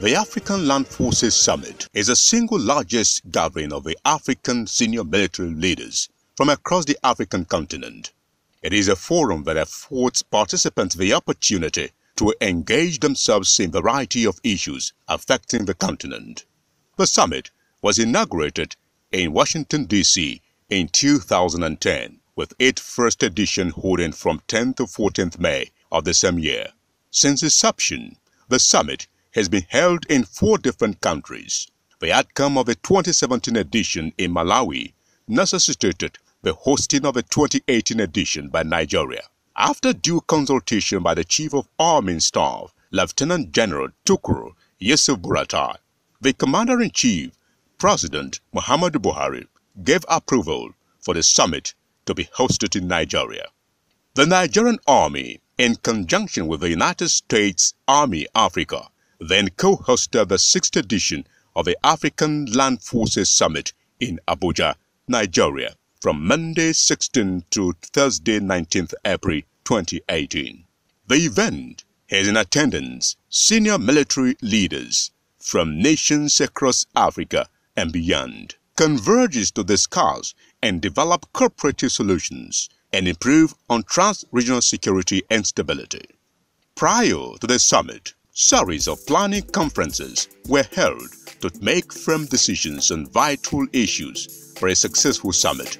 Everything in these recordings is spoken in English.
The African Land Forces Summit is the single largest gathering of the African senior military leaders from across the African continent. It is a forum that affords participants the opportunity to engage themselves in a variety of issues affecting the continent. The summit was inaugurated in Washington, D.C. in 2010, with its first edition holding from 10th to 14th May of the same year. Since inception, the summit has been held in four different countries. The outcome of the 2017 edition in Malawi necessitated the hosting of the 2018 edition by Nigeria. After due consultation by the Chief of Army Staff, Lieutenant General Tukuru Yusuf Burata, the Commander-in-Chief, President Muhammadu Buhari, gave approval for the summit to be hosted in Nigeria. The Nigerian Army, in conjunction with the United States Army Africa, then co-hosted the sixth edition of the African Land Forces Summit in Abuja, Nigeria, from Monday 16 to Thursday 19th April 2018. The event has in attendance senior military leaders from nations across Africa and beyond, converges to discuss and develop cooperative solutions and improve on trans-regional security and stability. Prior to the summit, series of planning conferences were held to make firm decisions on vital issues for a successful summit.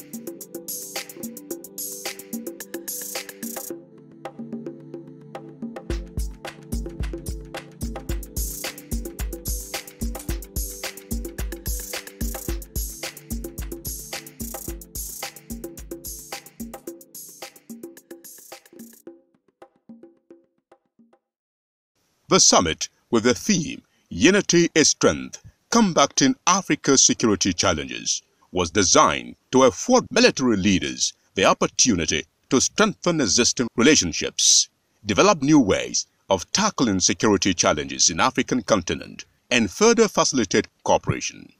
The summit with the theme Unity is Strength Combating Africa's Security Challenges was designed to afford military leaders the opportunity to strengthen existing relationships, develop new ways of tackling security challenges in African continent, and further facilitate cooperation.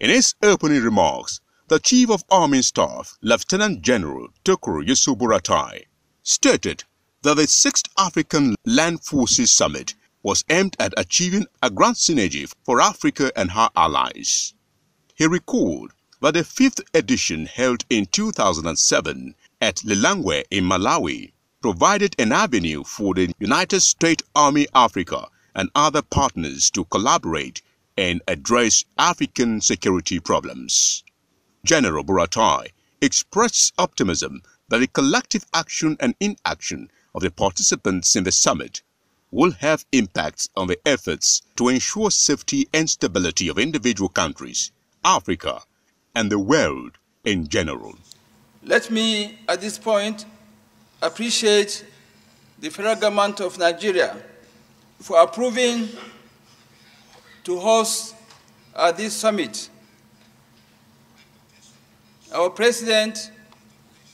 In his opening remarks, the Chief of Army Staff, Lieutenant General Tukuru Yusuburatai, stated that the 6th African Land Forces Summit was aimed at achieving a grand synergy for Africa and her allies. He recalled that the fifth edition held in 2007 at Lilangwe in Malawi provided an avenue for the United States Army Africa and other partners to collaborate and address African security problems. General Buratai expressed optimism that the collective action and inaction of the participants in the summit will have impacts on the efforts to ensure safety and stability of individual countries, Africa, and the world in general. Let me, at this point, appreciate the federal government of Nigeria for approving to host uh, this summit. Our President,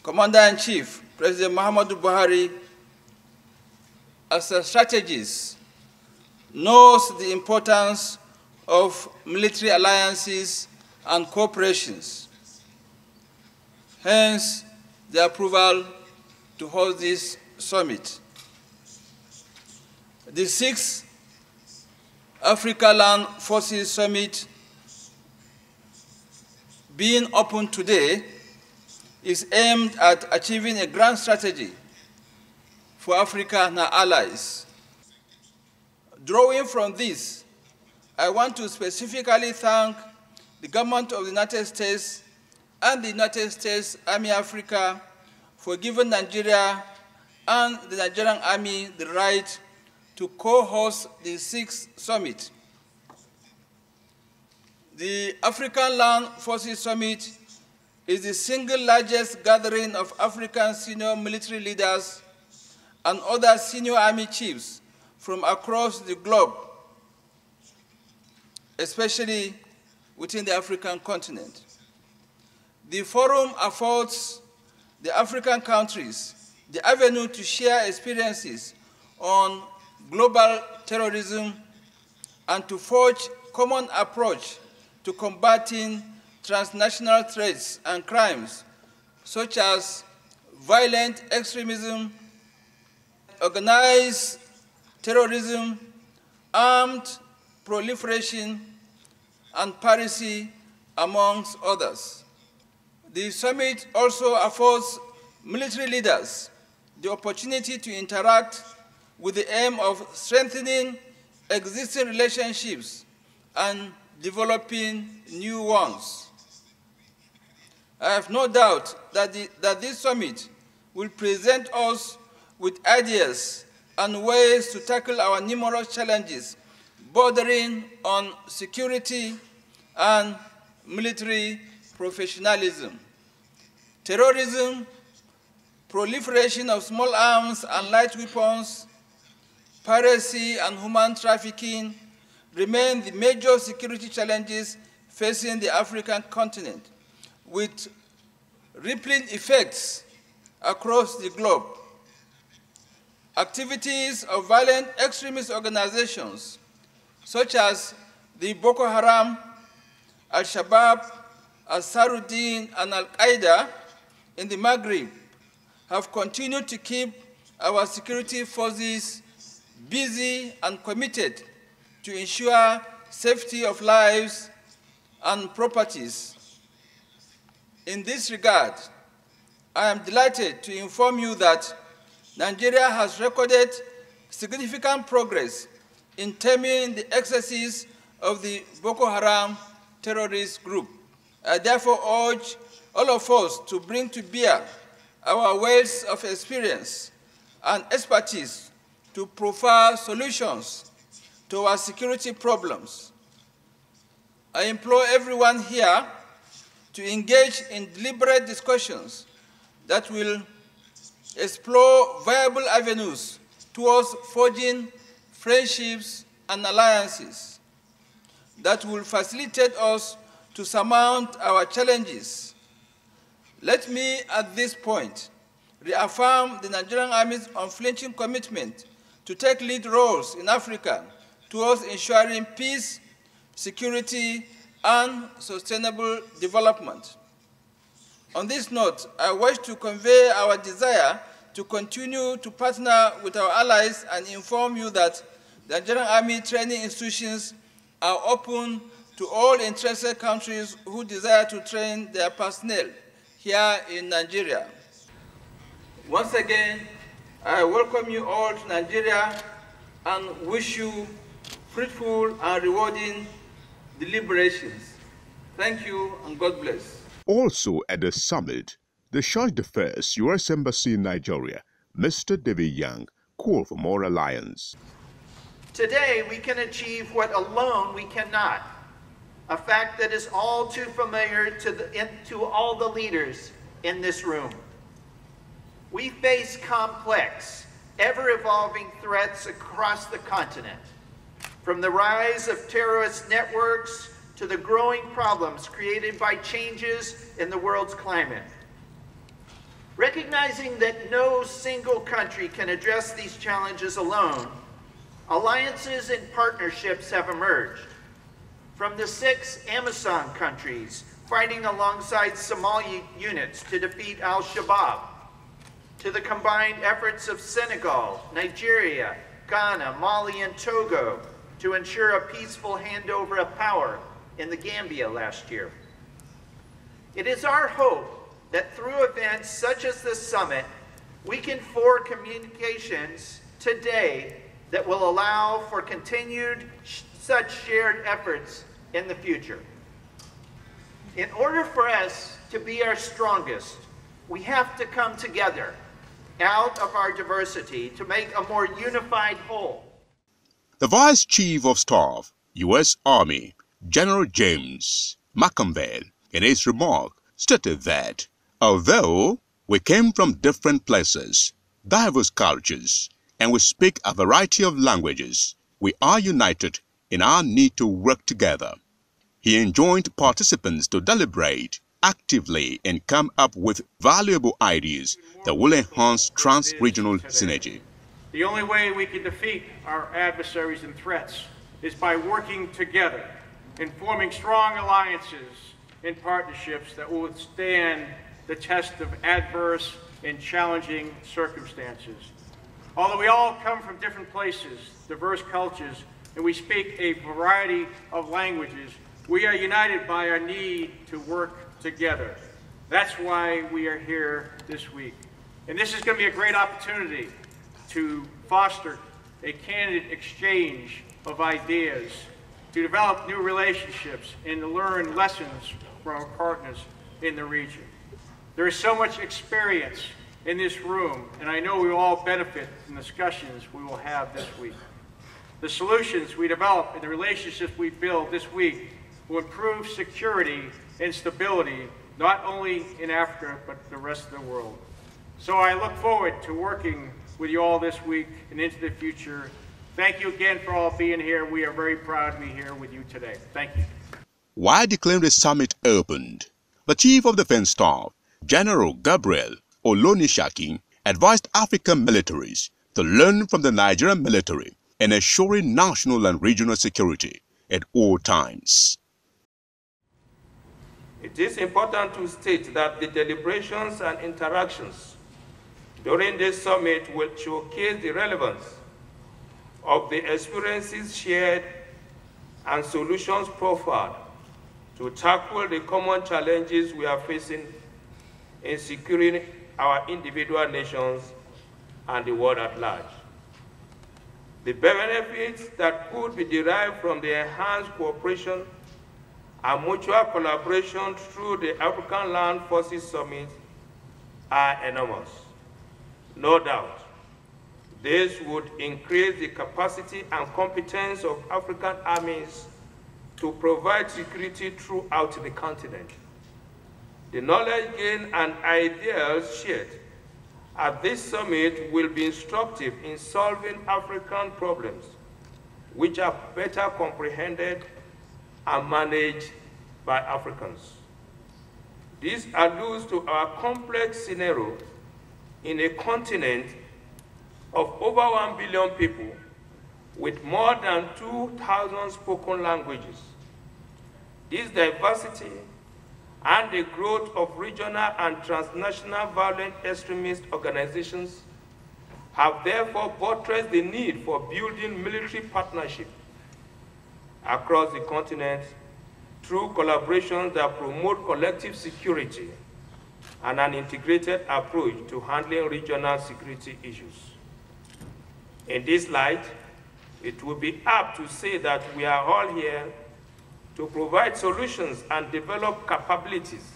Commander-in-Chief, President Muhammadu Buhari, as a strategist, knows the importance of military alliances and cooperations. Hence, the approval to hold this summit. The sixth Africa Land Forces Summit being opened today is aimed at achieving a grand strategy for Africa and her allies. Drawing from this, I want to specifically thank the government of the United States and the United States Army Africa for giving Nigeria and the Nigerian Army the right to co-host the sixth summit. The African Land Forces Summit is the single largest gathering of African senior military leaders and other senior army chiefs from across the globe, especially within the African continent. The forum affords the African countries the avenue to share experiences on global terrorism and to forge common approach to combating transnational threats and crimes such as violent extremism, organized terrorism, armed proliferation, and piracy, amongst others. The summit also affords military leaders the opportunity to interact with the aim of strengthening existing relationships and developing new ones. I have no doubt that, the, that this summit will present us with ideas and ways to tackle our numerous challenges bordering on security and military professionalism. Terrorism, proliferation of small arms and light weapons, piracy and human trafficking remain the major security challenges facing the African continent, with rippling effects across the globe. Activities of violent extremist organizations such as the Boko Haram, Al-Shabaab, Al-Sarudin, and Al-Qaeda in the Maghreb have continued to keep our security forces busy and committed to ensure safety of lives and properties. In this regard, I am delighted to inform you that Nigeria has recorded significant progress in taming the excesses of the Boko Haram terrorist group. I therefore urge all of us to bring to bear our wealth of experience and expertise to provide solutions to our security problems. I implore everyone here to engage in deliberate discussions that will explore viable avenues towards forging friendships and alliances that will facilitate us to surmount our challenges. Let me at this point reaffirm the Nigerian Army's unflinching commitment to take lead roles in Africa towards ensuring peace, security, and sustainable development. On this note, I wish to convey our desire to continue to partner with our allies and inform you that the Nigerian Army training institutions are open to all interested countries who desire to train their personnel here in Nigeria. Once again, I welcome you all to Nigeria and wish you fruitful and rewarding deliberations. Thank you and God bless. Also at the summit, the Charge d'Affaires U.S. Embassy in Nigeria, Mr. David Young, called for more alliance. Today, we can achieve what alone we cannot, a fact that is all too familiar to, the, in, to all the leaders in this room. We face complex, ever evolving threats across the continent, from the rise of terrorist networks to the growing problems created by changes in the world's climate. Recognizing that no single country can address these challenges alone, alliances and partnerships have emerged. From the six Amazon countries fighting alongside Somali units to defeat al-Shabaab, to the combined efforts of Senegal, Nigeria, Ghana, Mali, and Togo to ensure a peaceful handover of power in the Gambia last year. It is our hope that through events such as this summit, we can forge communications today that will allow for continued sh such shared efforts in the future. In order for us to be our strongest, we have to come together out of our diversity to make a more unified whole. The Vice Chief of Staff, U.S. Army, General James Maccomville, in his remark, stated that although we came from different places, diverse cultures, and we speak a variety of languages, we are united in our need to work together. He enjoined participants to deliberate actively and come up with valuable ideas that will enhance trans regional synergy. The only way we can defeat our adversaries and threats is by working together in forming strong alliances and partnerships that will withstand the test of adverse and challenging circumstances. Although we all come from different places, diverse cultures, and we speak a variety of languages, we are united by our need to work together. That's why we are here this week. And this is going to be a great opportunity to foster a candid exchange of ideas to develop new relationships and to learn lessons from our partners in the region. There is so much experience in this room, and I know we will all benefit from discussions we will have this week. The solutions we develop and the relationships we build this week will improve security and stability, not only in Africa, but the rest of the world. So I look forward to working with you all this week and into the future Thank you again for all being here. We are very proud to be here with you today. Thank you. While the summit opened, the Chief of Defense Staff, General Gabriel Olonishaki, advised African militaries to learn from the Nigerian military in ensuring national and regional security at all times. It is important to state that the deliberations and interactions during this summit will showcase the relevance of the experiences shared and solutions proffered to tackle the common challenges we are facing in securing our individual nations and the world at large. The benefits that could be derived from the enhanced cooperation and mutual collaboration through the African Land Forces Summit are enormous. No doubt, this would increase the capacity and competence of African armies to provide security throughout the continent. The knowledge gained and ideas shared at this summit will be instructive in solving African problems, which are better comprehended and managed by Africans. This alludes to our complex scenario in a continent of over 1 billion people with more than 2,000 spoken languages. This diversity and the growth of regional and transnational violent extremist organizations have therefore buttressed the need for building military partnership across the continent through collaborations that promote collective security and an integrated approach to handling regional security issues. In this light, it would be apt to say that we are all here to provide solutions and develop capabilities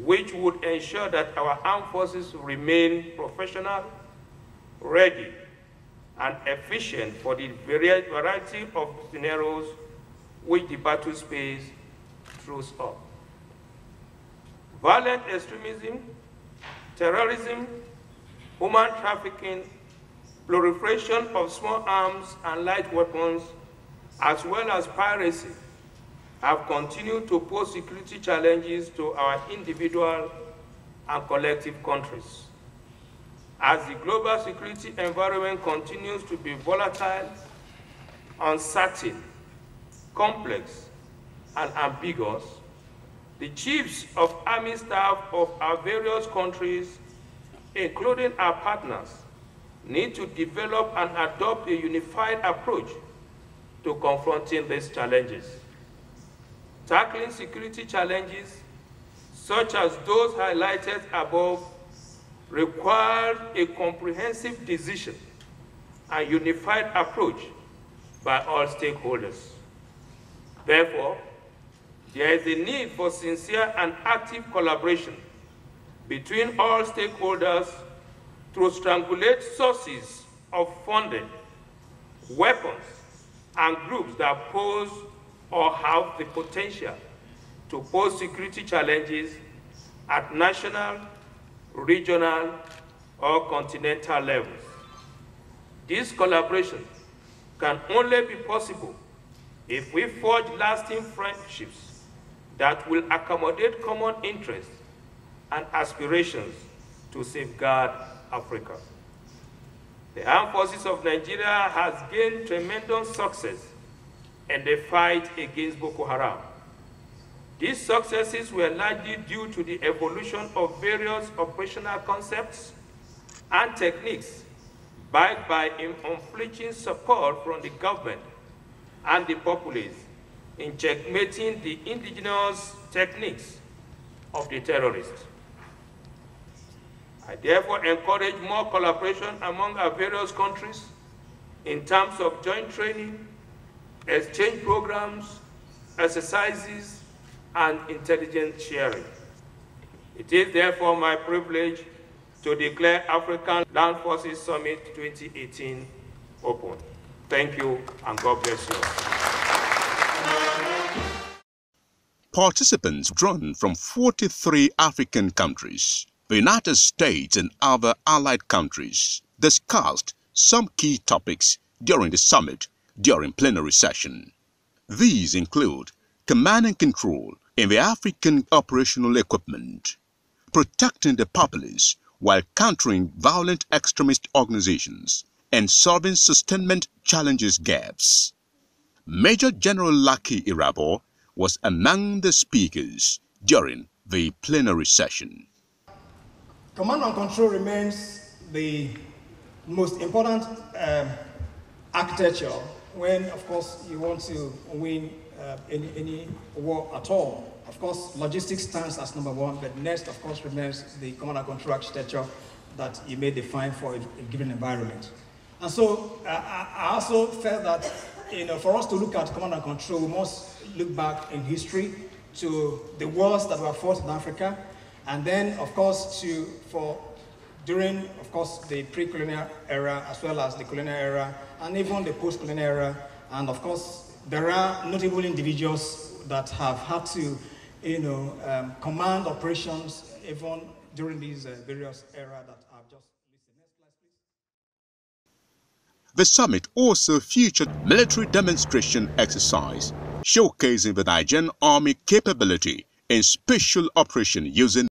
which would ensure that our armed forces remain professional, ready, and efficient for the variety of scenarios which the battle space throws up. Violent extremism, terrorism, human trafficking, proliferation of small arms and light weapons, as well as piracy, have continued to pose security challenges to our individual and collective countries. As the global security environment continues to be volatile, uncertain, complex, and ambiguous, the chiefs of army staff of our various countries, including our partners, need to develop and adopt a unified approach to confronting these challenges. Tackling security challenges, such as those highlighted above, requires a comprehensive decision and unified approach by all stakeholders. Therefore, there is a need for sincere and active collaboration between all stakeholders to strangulate sources of funding, weapons, and groups that pose or have the potential to pose security challenges at national, regional, or continental levels. This collaboration can only be possible if we forge lasting friendships that will accommodate common interests and aspirations to safeguard Africa. The armed forces of Nigeria has gained tremendous success in the fight against Boko Haram. These successes were largely due to the evolution of various operational concepts and techniques backed by unflinching support from the government and the populace in checkmating the indigenous techniques of the terrorists. I therefore encourage more collaboration among our various countries in terms of joint training, exchange programs, exercises, and intelligence sharing. It is therefore my privilege to declare African Land Forces Summit 2018 open. Thank you and God bless you. Participants drawn from 43 African countries the United States and other allied countries discussed some key topics during the summit during plenary session. These include command and control in the African operational equipment, protecting the populace while countering violent extremist organizations, and solving sustainment challenges gaps. Major General Lucky Irabo was among the speakers during the plenary session. Command and control remains the most important um, architecture when, of course, you want to win uh, any, any war at all. Of course, logistics stands as number one, but next, of course, remains the command and control architecture that you may define for a, a given environment. And so uh, I also felt that you know, for us to look at command and control, we must look back in history to the wars that were fought in Africa, and then, of course, to, for during, of course, the pre-colonial era as well as the colonial era, and even the post-colonial era. And of course, there are notable individuals that have had to, you know, um, command operations even during these uh, various era that I've just listed. Next slide, please. The summit also featured military demonstration exercise, showcasing the Nigerian army capability in special operation using